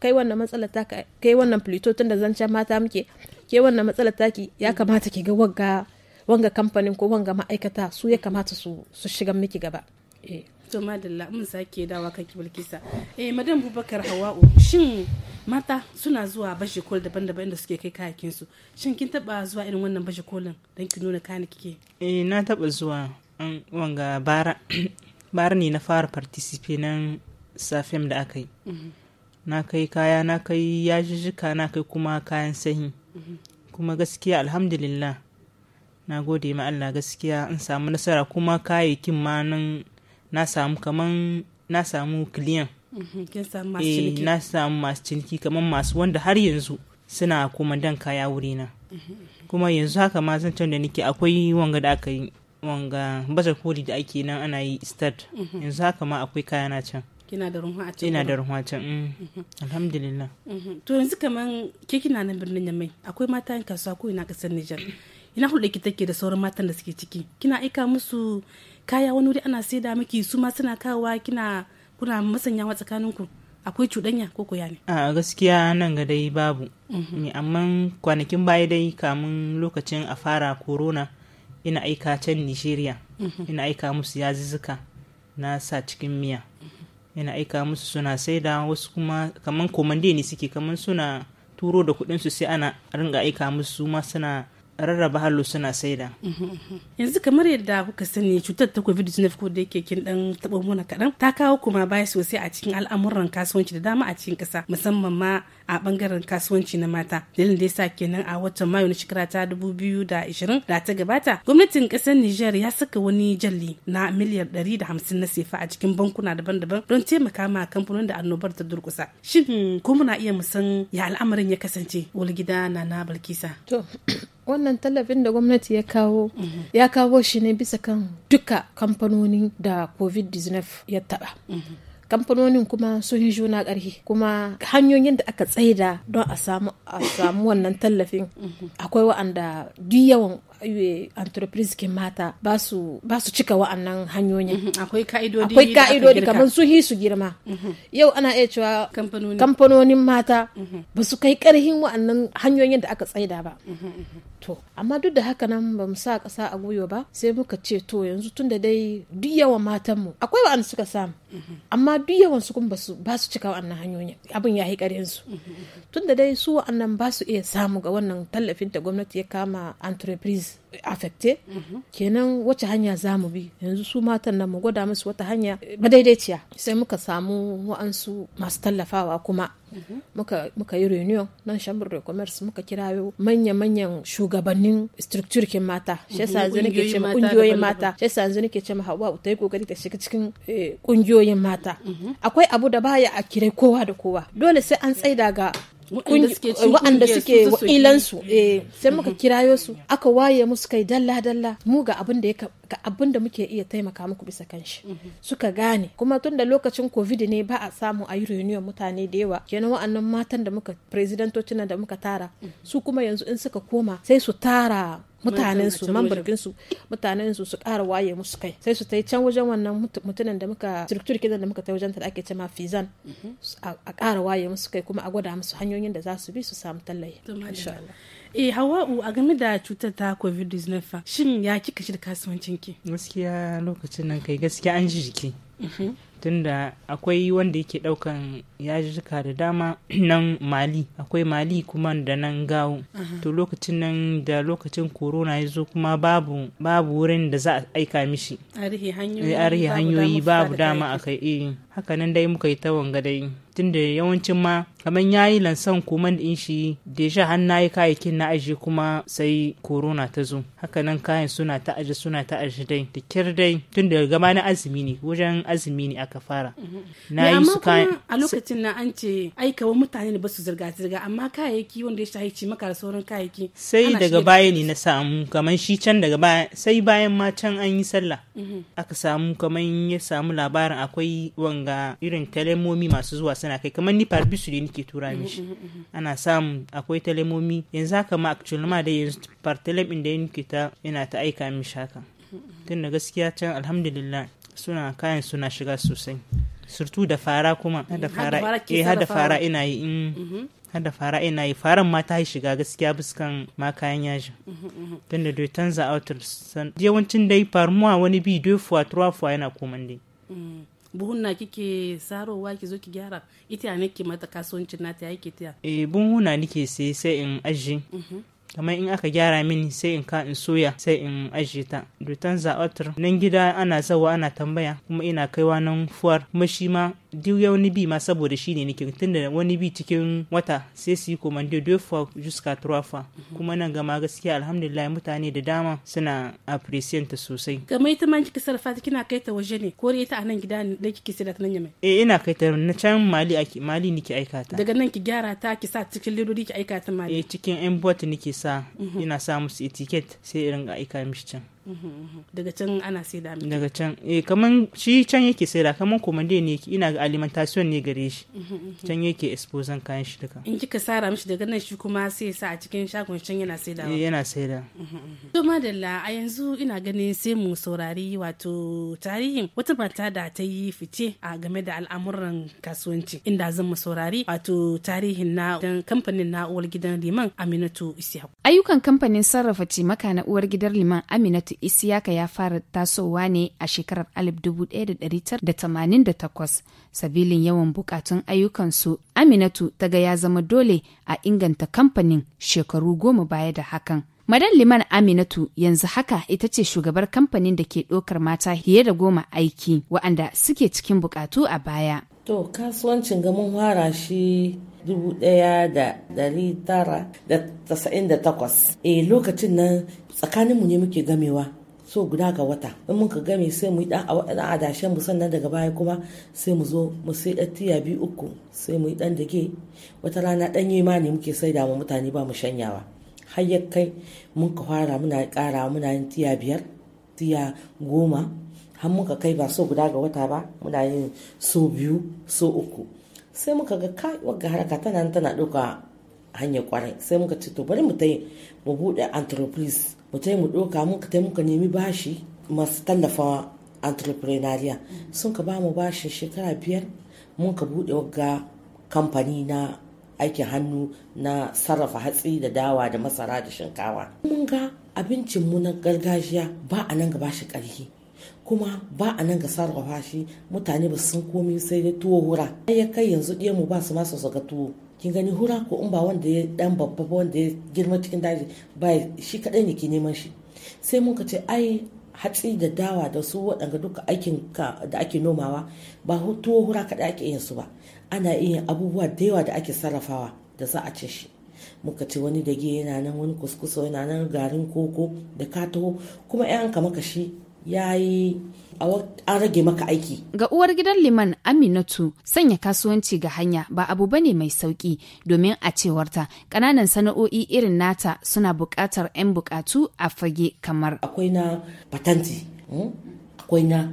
kai wannan matsala ta kai wannan plito tun da zancen mata muke ke wannan matsalar taki ya kamata ki ga wanga wanga kamfanin ko wanga ma'aikata su ya kamata su su shiga miki gaba eh to madalla mun sake dawa kanki bilkisa eh madam bubakar hawa'u shin mata suna zuwa bashi kol daban-daban inda suke kai kayakin su shin kin taba zuwa irin wannan bashi kolin dan ki nuna kayan kike eh na taba zuwa wanga bara ne na fara participate nan safem da aka yi mm-hmm. na kai kaya na kai yajijjika na kai kuma kayan sanyi. kuma gaskiya alhamdulillah na gode ma Allah gaskiya an samu nasara kuma kayayyakin ma nan na samu kaman na samu kiliyan mhm, eh, na samu masu ciniki kaman masu wanda har yanzu suna kuma dan kaya wurina mhm, mhm. kuma yanzu haka ma zan da nake akwai wanga da aka yi wanga bazar koli da ake nan ana yi start yanzu haka ma akwai kaya na can kina da a can ina da ruhun a can mm. mm-hmm. alhamdulillah mm-hmm. to yanzu kaman ke kina nan birnin yamai akwai mata yan kasuwa ko ina kasar Nijar ina hulɗa ki take da sauran matan da suke ciki kina aika musu kaya wani wuri ana saida miki su ma suna kawowa kina kuna tsakanin ku akwai cuɗanya ko koya ne a gaskiya nan ga dai babu mm-hmm. amma kwanakin baya dai kamun lokacin a fara corona ina aika can nigeria ina aika musu yazuzzuka na sa cikin miya yana aika musu suna saida wasu kuma kamar komande ne suke kaman suna turo da kuɗin su sai ana ringa aika musu ma suna rarraba hallo suna saida. yanzu kamar yadda kuka sani cutar ta covid-19 ko da yake kin dan taɓa muna kaɗan ta kawo kuma baya sosai a cikin al'amuran kasuwanci da dama a cikin ƙasa musamman ma a bangaren kasuwanci na mata dalilin da yasa kenan a watan mayu na shekara ta dubu biyu da da ta gabata gwamnatin kasar Nijar ya saka wani jalli na miliyar hamsin na sefa a cikin bankuna daban-daban don taimaka ma kamfanonin da annobar ta durkusa shin ko muna iya musan ya al'amarin ya kasance gida na na balkisa wannan tallafin da gwamnati ya kawo ya kawo shi ne bisa kan duka kamfanoni da covid-19 ya taba mhm. kamfanonin kuma sun juna ƙarfi kuma hanyoyin da aka tsaida don a samu a samu wannan tallafin akwai wa'anda duk yawan eh, entreprise ke mata ba su cika wa'annan hanyoyin mhm, akwai ka'idodi kamar su hi su girma mhm. yau ana iya cewa kamfanonin mata mhm. ba su kai karhin wa'annan hanyoyin da aka tsaida ba to amma duk da haka nan ba sa ƙasa a gwiwa ba sai muka ce to yanzu tun da dai duk yawan matan mu akwai wa'anda suka samu amma duk yawan su kuma ba su cika wa'annan hanyoyin abin ya yi ƙarin su tun da dai su wa'annan ba su iya samu ga wannan tallafin da gwamnati ya kama entreprise affected mhm. kenan wace hanya za mu bi yanzu su matan nan mu gwada musu wata hanya madaidaiciya sai muka samu wa'ansu masu tallafawa kuma mhm. muka yi reunion nan chamber de commerce muka kirayo manya-manyan shugabannin structure mata shi yasa yanzu kungiyoyin mata shi yasa hawa ta yi kokari ta shiga cikin kungiyoyin eh, mata mhm. akwai abu da baya a kirai kowa da kowa dole sai an tsaida ga waɗanda suke wa'ilansu eh, sai muka mm-hmm. kirayo su aka waye musu kai dalla dalla mu ga abin da ya abin da muke iya taimaka muku bisa kanshi mm-hmm. suka gane kuma tun da lokacin covid ne ba a samu a yi reunion mutane da yawa kenan wa'annan matan da muka presidentocin da muka tara mm-hmm. su kuma yanzu in suka koma sai su tara mutanen su mambarkin su mutanen su su ƙara waye musu kai sai su ta can wajen wannan mutunan da muka struktur kidan da muka ta wajen ta da ake ma fizan mhm. a kara waye musu kai kuma a gwada musu hanyoyin da za su bi su samu tallafi insha Allah eh hawa'u a game da cutar ta covid-19 shin ya kika shi da kasuwancin ki gaskiya lokacin nan kai gaskiya an ji jiki tunda akwai wanda yake daukan yajika da dama nan mali akwai mali kuma da nan gawo to lokacin nan da lokacin corona ya zo kuma babu babu wurin da za a aika mishi arihi hanyoyi eh, babu dama a kai eh, haka dai muka yi ta wanga dai tunda yawancin ma kamar ya yi lansan kuman din shi deja har na yi kayayyakin na aji kuma sai corona ta zo hakanan kayan suna ta aji suna ta aji dai da kyar dai tun daga gama na azumi ne wajen azumi ne aka fara mhm. na yi su kayan a lokacin na an ce wa mutane ne ba su zirga zirga amma kayayyaki wanda ya shahi ce maka da sauran kayayyaki sai daga baya ne na samu kamar shi can daga baya sai bayan ma can an yi sallah mhm. aka samu kamar ya samu labarin akwai wanga irin kalemomi masu zuwa suna kai kamar ni farbisu ne ke tura mm-hmm, mishi mm-hmm, mm-hmm. ana samun akwai telemomi yanzu haka ma actual ma da yanzu partelem inda yake ta yana ta aika mishi haka tun da gaskiya can alhamdulillah suna kayan suna shiga sosai surtu da fara kuma hada fara eh hada fara ina yi in hada fara ina yi faran ma ta shiga gaskiya buskan ma kayan yajin tunda dai tanza outer yawancin dai farmuwa wani bi deux fois trois fois yana komande dai buhunna kike sarowa ki zo ki gyara ita ne ke mata kasuwancin nata yake tiya eh buhunna nike sai sai in aji mhm. kamar in aka gyara mini sai in ka in soya sai in ajiye ta dutan za'atar nan gida ana zawa ana tambaya kuma ina kaiwa nan fuwar kuma shi ma duk wani bi ma saboda shi ne nake tunda wani bi cikin wata sai su yi komando deux fois jusqu'à turafa mhm. kuma nan gama gaskiya alhamdulillah mutane da dama suna appreciate sosai kamar ita ma kika sarrafa ta kina kai ta waje ne ko ita a nan gida ne da kike sai da ta nan yamai eh ina kai ta na can mali ake mali nike aika ta daga nan ki gyara ta ki sa cikin ledodi ki aika ta mali eh cikin yan bot nike sa mhm. ina sa musu etiket sai irin aika mishi can daga can ana saida miki daga can eh kaman shi can yake saida kaman komande ne yake ina ga alimentation ne gare shi mhm, mhm, mhm. can yake exposan kayan shi duka in kika sara mishi daga nan shi kuma sai sa a cikin shagon can yana saida da eh, yana saida to madalla a yanzu ina ganin sai mu saurari wato tarihin wata mata da ta yi fice a game da al'amuran kasuwanci inda zan mu saurari wato tarihin na dan kamfanin na uwar gidan liman Aminatu Isiyaku ayyukan kamfanin sarrafa cimaka na uwar gidan liman Aminatu Isiyaka ya fara tasowa ne a shekarar 1988 sabilin yawan bukatun ayyukansu Aminatu ta ga ya zama dole a inganta kamfanin shekaru goma baya da hakan. Madan Liman Aminatu yanzu haka ita ce shugabar kamfanin da ke ɗaukar mata fiye da goma aiki waɗanda suke cikin bukatu a baya. To kasuwancin ga mun fara shi 1998. Eh lokacin nan mu ne muke gamewa so guda ga wata in muka game sai mu yi dan adashen mu sannan daga baya kuma sai mu zo mu sai ɗan tiya biyu uku sai mu yi dan dage wata rana dan yi ma ne muke sai da mutane ba mu shanyawa har ya kai mun ka fara muna kara muna yin tiya biyar tiya goma har muka kai ba so guda ga wata ba muna yin so biyu so uku sai muka ga kai wagga haraka tana tana ɗauka hanyar kwarai sai muka ce to bari mu ta yi mu buɗe entreprise mu ta yi mu ɗauka muka ta muka nemi bashi masu tallafa entrepreneurial sun ka ba mu bashi shekara biyar mun ka buɗe wagga kamfani na aikin hannu na sarrafa hatsi da dawa da masara da shinkawa mun ga abincin mu na gargajiya ba a nan gaba shi ƙarfi kuma ba a nan ga sarrafa shi mutane ba sun komi sai dai tuwo hura ya kai yanzu ɗiyan mu ba su masa su ga tuwo kin gani hura ko in ba wanda ya dan babba ba wanda ya girma cikin daji ba shi kadai ne ke neman shi sai mun ka ce ai hatsi da dawa da su waɗanda duka aikin da ake nomawa ba tuwo hura kaɗai ake yin su ba ana iya abubuwa da yawa da ake sarrafawa da za a ce shi muka ce wani dage yana nan wani kuskusa yana nan garin koko da ka kuma yan ka maka shi ya yi an rage maka aiki. Ga uwar gidan Liman Aminatu sanya kasuwanci ga hanya ba abu ba ne mai sauki domin a cewarta ƙananan sana'o'i irin nata suna buƙatar 'yan buƙatu a fage kamar. Akwai na patanti, hmm? akwai na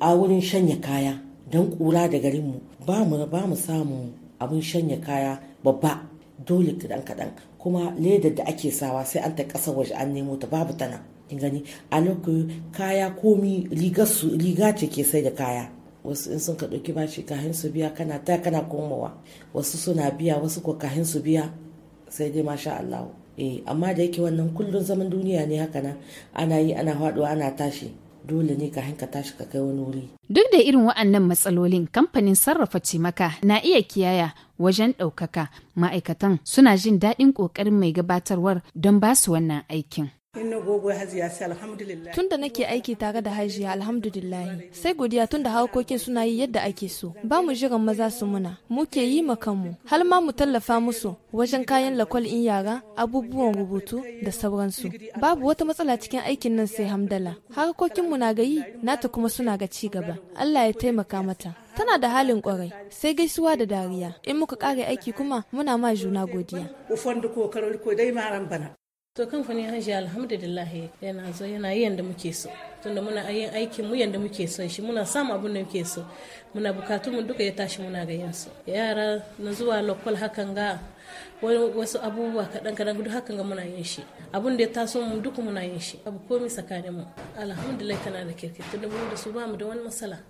a wurin shanya kaya don ƙura da garinmu ba mu ba mu samu abin shanya kaya babba dole kaɗan kaɗan kuma ledar da ake sawa sai an ta ƙasa waje an nemo ta babu tana. gani a lokacin kaya komi riga ce ke sai da kaya wasu in sun ka ɗauki shi kahin su biya kana ta kana komowa wasu suna biya wasu ko kahin su biya sai dai masha Allah eh amma da yake wannan kullun zaman duniya ne haka nan ana yi ana faɗuwa ana tashi dole ne ka hanka tashi ka kai wani wuri. Duk da irin waɗannan matsalolin kamfanin sarrafa cimaka na iya kiyaya wajen ɗaukaka ma'aikatan suna jin daɗin ƙoƙarin mai gabatarwar don ba su wannan aikin. Tun da nake aiki tare da hajiya alhamdulillah. Sai godiya tunda harkokin suna yi yadda ake so. Ba mu jiran maza su muna. Muke yi ma Har ma mu tallafa musu wajen kayan lakwal in yara, abubuwan rubutu da sauransu. Babu wata matsala cikin aikin nan sai hamdala. Harkokin mu na yi, nata kuma suna ga ci gaba. Allah ya taimaka mata. Tana da halin kwarai, sai gaisuwa da dariya. In muka kare aiki kuma muna ma juna godiya. To kamfanin hajji alhamdulillah yana zo yana yi yadda muke so. Tunda muna yin aikin mu yadda muke son shi muna samu abin da muke so. Muna bukatu mu duka ya tashi muna ga yansu Yara na zuwa lokal hakan ga wasu abubuwa kaɗan kaɗan duk hakan ga muna yin shi. Abin da ya taso mu duka muna yin shi. Abu komai tsakanin mu. Alhamdulillah tana da kirki tunda mu da su ba mu da wani matsala.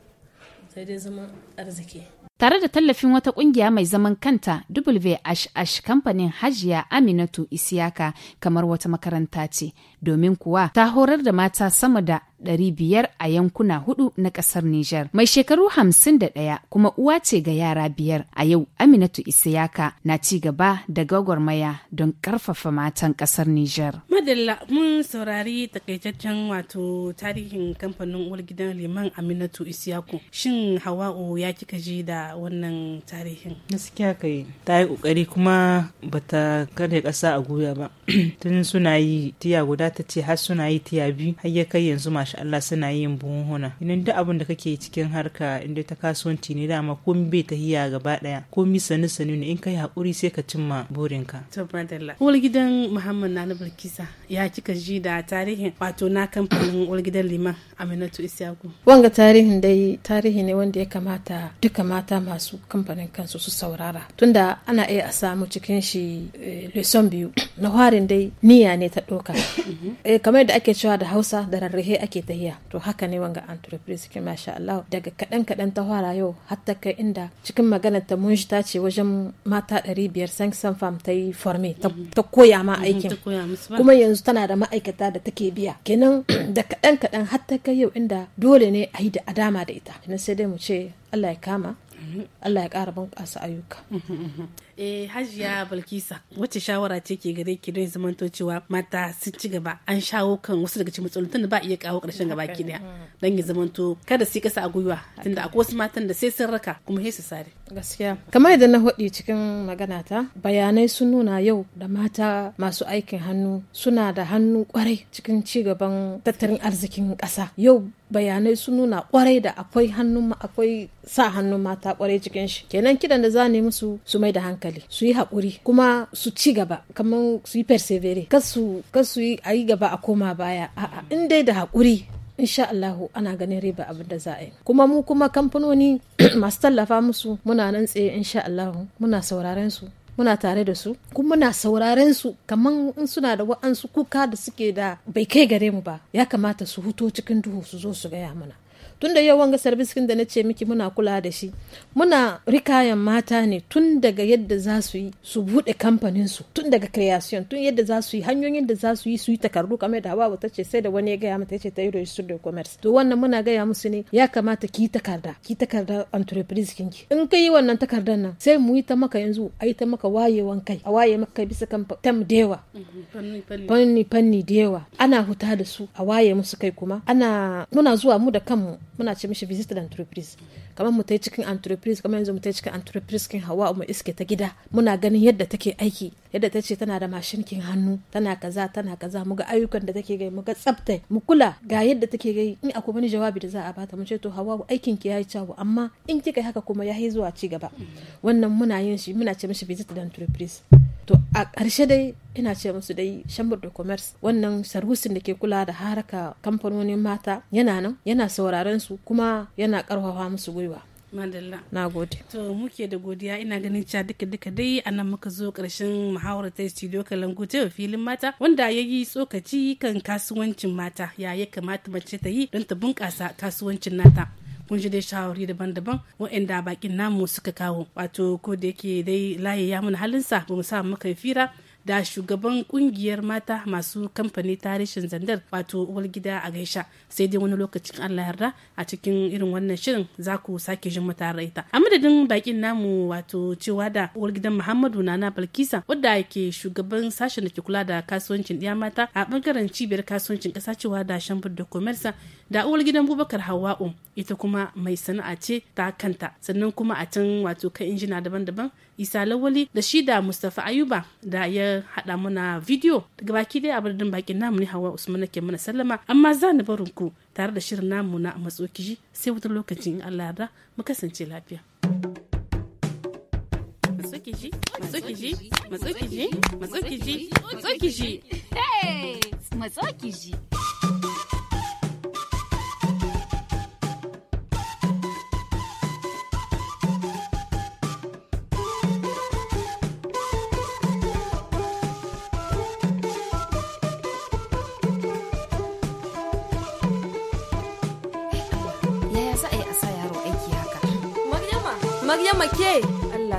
Sai dai zama arziki. Tare da tallafin wata kungiya mai zaman kanta WHH kamfanin Hajiya Aminatu Isiyaka kamar wata makaranta ce, domin kuwa ta horar da mata sama da 500 a yankuna hudu na kasar Nijar. Mai shekaru 51 kuma uwa ce ga yara biyar a yau Aminatu Isiyaka na ci gaba da gwagwarmaya don karfafa matan kasar Nijar. Madalla mun saurari takaitaccen wato tarihin kamfanin uwar gidan Liman Aminatu Isiyaku. Shin Hawa'u ya kika ji da wannan tarihin gaskiya kai ta yi kokari kuma bata karya kasa a goya ba tun suna yi tiya guda ta ce har suna yi tiya biyu har ya kai yanzu masha Allah suna yin buhunhuna idan duk abin da kake cikin harka inda ta kasuwanci ne dama komi bai ta hiya gaba daya komi sani sani ne in kai hakuri sai ka cimma burinka to madalla gidan Muhammad Nana Bilkisa ya kika ji da tarihin wato na kamfanin gidan Liman Aminatu isyaku wanga tarihin dai tarihi ne wanda ya kamata duka mata masu kamfanin kansu su saurara tunda ana iya a samu cikin shi eh, lesson biyu na harin dai niyya ne ta ɗauka eh, kamar da ake cewa da hausa da rarrahe ake tahiya to haka ne wanga entreprise ke masha Allah daga kaɗan kaɗan ta fara yau har kai inda cikin maganar ta mun ta ce wajen mata ɗari biyar san fam ta yi forme ta koya ma mhm, aikin kuma yanzu tana da ma'aikata da take biya kenan da kaɗan kaɗan har kai yau inda dole ne a yi da adama da ita sai dai mu ce Allah ya kama Allah ya ƙara bunƙasa ayyuka mhm, mhm. Eh Hajiya Balkisa wacce shawara ce ke gare ki don to cewa mata sun ci gaba an shawo kan wasu daga cikin matsalolin tunda ba iya kawo karshen gaba ki daya dan ya zamanto kada su kasa a gwiwa tunda akwai wasu matan da sai sun raka kuma sai su sare. Gaskiya kamar yadda na hodi cikin magana ta bayanai sun nuna yau da mata masu aikin hannu suna da hannu kwarai cikin ci gaban tattalin arzikin kasa. yau bayanai sun nuna kwarai da akwai hannun akwai sa hannun mata kwarai cikin shi kenan kidan da za ne musu su mai da hankali hankali su yi haƙuri kuma su ci gaba kamar su yi persevere ka su yi a yi gaba a koma baya a'a in dai da haƙuri insha Allah ana ganin riba abin da za a yi kuma mu kuma kamfanoni masu tallafa musu muna nan tsaye insha Allah muna sauraren su muna tare da su kuma muna sauraren su kamar in suna da wa'ansu kuka da suke da bai kai gare mu ba ya kamata su huto cikin duhu su zo su gaya mana tunda yawan wanga service da na ce miki muna kula da shi muna rikayan mata ne tun daga yadda za su yi su bude kamfanin tun daga creation tun yadda za su yi hanyoyin da za su yi su yi takardu kamar da hawa ta ce sai da wani ya gaya mata ya ce ta yi register da commerce to wannan muna gaya musu ne ya kamata ki takarda ki takarda entreprise kin ki in ka wannan takardar nan sai mu yi ta maka yanzu a yi ta maka wayewan kai a waye maka kai bisa kan tam dewa mhm, fanni fanni dewa ana huta da su a waye musu kai kuma ana nuna zuwa mu da kanmu muna ce mishi visitor entreprise kamar mu ta cikin entreprise kamar yanzu mu ta cikin entreprise kin hawa mu iske ta gida muna ganin yadda take aiki yadda ta ce tana da mashin kin hannu tana kaza tana kaza mu ga ayyukan da take gai mu ga tsafta mu kula ga yadda take gai in akwai wani jawabi da za a bata mu ce to hawa aikin ki yayi cawo amma in kika yi haka kuma yayi zuwa ci gaba wannan muna yin shi muna ce mishi visitor entreprise to a ƙarshe dai ina ce musu dai chamber de commerce wannan sarwisin da ke kula da haraka kamfanonin mata yana nan yana sauraron su kuma yana karfafa musu gwiwa madalla na gode to muke da godiya ina ganin cewa duka duka dai anan muka zo karshen muhawarar ta studio kalangu wa filin mata wanda ya yi tsokaci kan kasuwancin mata ya ya kamata mace ta yi don ta bunƙasa kasuwancin nata kun ji dai shawari daban-daban waɗanda bakin namu suka kawo wato ko da yake dai layi ya mana halinsa sa mu sa muka fira da shugaban kungiyar mata masu kamfani tarishin zandar wato uwar gida a gaisha sai dai wani lokacin allah yarda a cikin irin wannan shirin za ku sake jin mu tare a madadin bakin namu wato cewa da uwar gidan muhammadu nana balkisa wadda ke shugaban sashen da ke kula da kasuwancin ɗiya mata a bangaren cibiyar kasuwancin kasa cewa da shambar da komersa da uwar gidan bubakar hawa'u ita kuma mai sana'a ce ta kanta sannan kuma a can wato kan injina daban-daban isa lawali da shi da mustapha ayuba da ya haɗa mana bidiyo daga baki dai a birnin bakin namu ne hawa usman nake mana sallama amma za ni barin ku tare da shirin namu na matso kishi sai wata lokacin in allah da mu kasance lafiya matsokiji.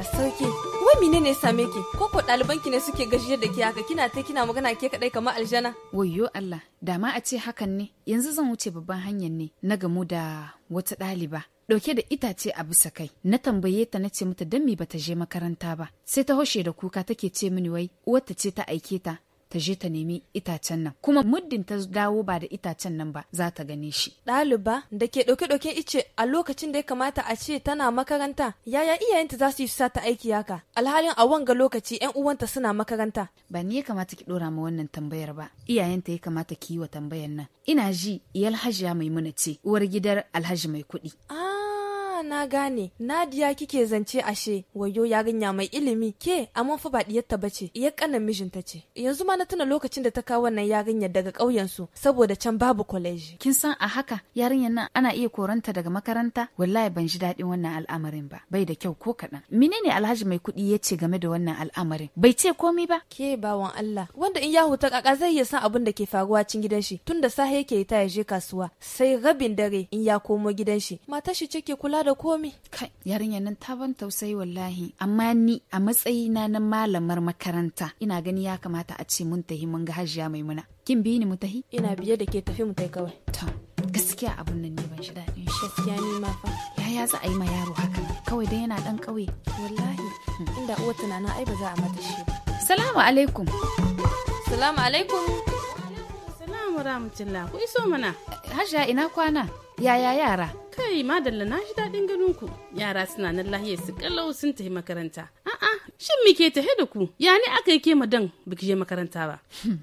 a sauki. Wai mine ne same ki? Ko ko ɗaliban ki ne suke gajiyar da ke haka kina ta kina magana ke kaɗai kamar aljana? Wayyo Allah, dama ma a ce hakan ne. Yanzu zan wuce babban hanyar ne na gamu da wata ɗaliba. ɗauke da itace a bisa kai, na tambaye ta na ce mata dan me bata je makaranta ba, sai ta hoshe da kuka take ce mini wai, uwarta ce ta aike ta, ta je ta nemi itacen nan kuma muddin ta dawo ba da itacen nan ba za ta gane shi ɗaliba da ke ɗauke ɗauke ice a lokacin da ya kamata a ce tana makaranta yaya iyayenta za su yi sa ta aiki haka alhalin a wanga lokaci yan uwanta suna makaranta ba ni ya kamata ki ɗora ma wannan tambayar ba iyayenta ya kamata ki yi wa tambayar nan ina ji iyal hajiya maimuna ce uwar gidar alhaji mai kuɗi ah na gane, Nadiya kike zance ashe, wayo yarinya mai ilimi ke amma fa ba diyarta bace, iya kanan mijinta ce. Yanzu ma na tuna lokacin da ta kawo wannan yarinya daga ƙauyen su saboda can babu kwaleji. Kin san a haka yarinyar nan ana iya koranta daga makaranta? Wallahi ban ji daɗin wannan al'amarin ba, bai da kyau ko kaɗan. Menene Alhaji mai kuɗi ya ce game da wannan al'amarin? Bai ce komai ba? Ke bawan Allah, wanda in ya huta kaka zai iya san abin da ke faruwa cikin gidan shi, tunda sahe yake ta ya je kasuwa, sai rabin dare in ya komo gidan shi. Matar shi ce ke kula da da komi kai yarinyar nan ta ban tausayi wallahi amma ni a matsayina na malamar makaranta ina gani ya kamata a ce mun tahi mun ga hajiya maimuna kin bi ni mu tahi ina biye da ke tafi mu tai kawai to gaskiya abun nan ne ban shi daɗin shi gaskiya ni ma fa yaya za a yi ma yaro haka kawai dai yana ɗan ƙauye wallahi hmm. inda uwa tunanin ai ba za a mata shi ba salamu alaikum salamu alaikum alaikum rahmatullah ku iso mana. Hajiya ina kwana? Yaya yara? Kai madalla na shi daɗin ganin ku. Yara suna nan lahiyar su kallau sun tafi makaranta. A'a, shin me ke tahe da ku? Ya ne aka yi ke madan biki je makaranta ba?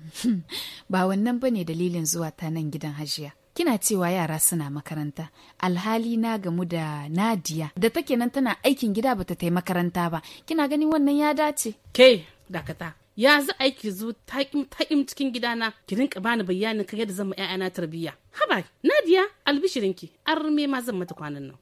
ba wannan bane dalilin zuwa ta nan gidan Hajiya. kina cewa yara suna makaranta alhali na gamu da nadiya da take nan tana aikin gida bata tai makaranta ba kina ganin wannan ya dace ke dakata ya za a zo taƙim cikin gidana ki rinka bani bayanin kan yadda zan ma 'ya'yana tarbiyya haba nadiya albishirinki an rume ma zan mata kwanan nan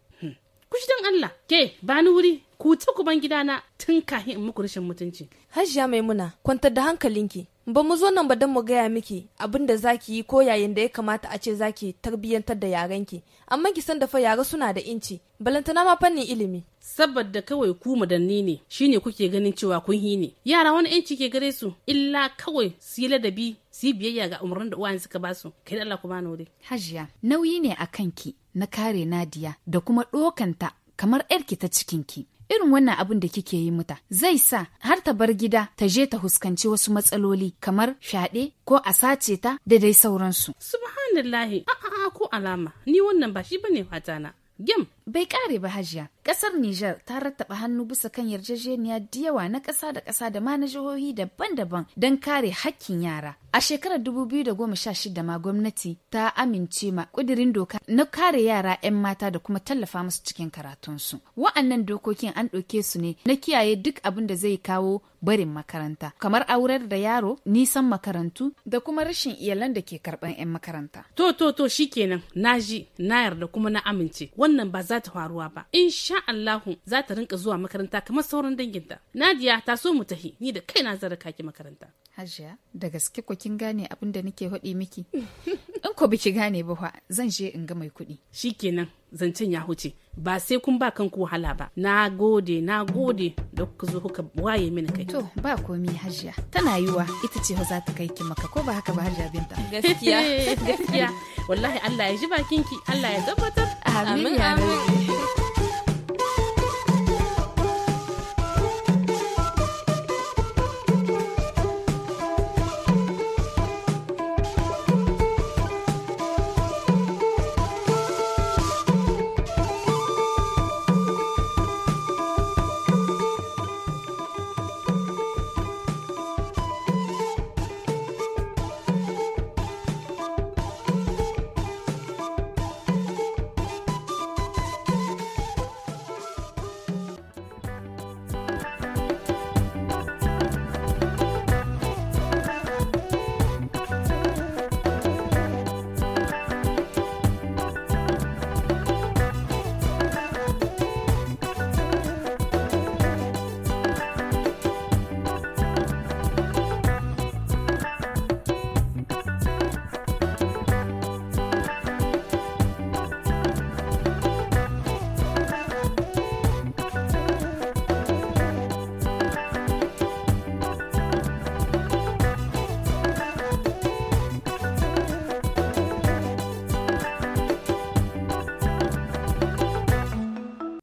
kushi don Allah ke bani wuri ku ta kuban gidana tun kahin in muku rashin mutunci Hajiya Maimuna kwantar da hankalinki ba mu zo nan ba don mu gaya miki abin da za ki yi ko yayin da ya kamata a ce za ki tarbiyyantar da yarenki amma ki san da fa yara suna da inci balantana ma fannin ilimi saboda kawai ku madanni ne shine kuke ganin cewa kun hi ne yara wani inci ke gare su illa kawai su yi ladabi su yi biyayya ga umarnin da uwayen suka basu kai Allah ku bani wuri hajiya nauyi ne a kanki na kare Nadiya da kuma ɗokanta kamar ‘yarki ta cikinki. Irin wannan abin da kike yi muta zai sa har ta bar gida ta je ta huskanci wasu matsaloli kamar shaɗe ko a sace ta da dai sauransu. subhanallah a'a ko alama, ni wannan ba shi bane fatana. Gem, bai kare ba hajiya kasar Nijar ta rattaba hannu bisa kan yarjejeniya da yawa na kasa da kasa da ma na jihohi daban-daban don kare hakkin yara a shekarar 2016 ma gwamnati ta amince ma ƙudirin doka na kare yara 'yan mata da kuma tallafa musu cikin karatunsu wa'annan dokokin an ɗauke su ne na kiyaye duk abin da zai kawo barin makaranta kamar aurar da yaro nisan makarantu da kuma rashin iyalan da ke karɓan 'yan makaranta to to to shikenan na ji na yarda kuma na amince wannan ba za za ta faruwa ba insha Allahu za ta rinka zuwa makaranta kamar sauran danginta nadia ta so mu tahi ni da kaina zan raka ki makaranta Hajiya da gaske ko kin gane abin da nake hodi miki in ko biki gane ba zan je in ga mai kuɗi shikenan zancen ya huce ba sai kun ba kanku wahala ba na gode na gode da kuka zo kuka waye mini kai to ba komi hajiya tana yiwa ita ce za ta kai ki maka ko ba haka ba hajiya binta gaskiya gaskiya wallahi Allah ya ji bakinki Allah ya tabbatar amin amin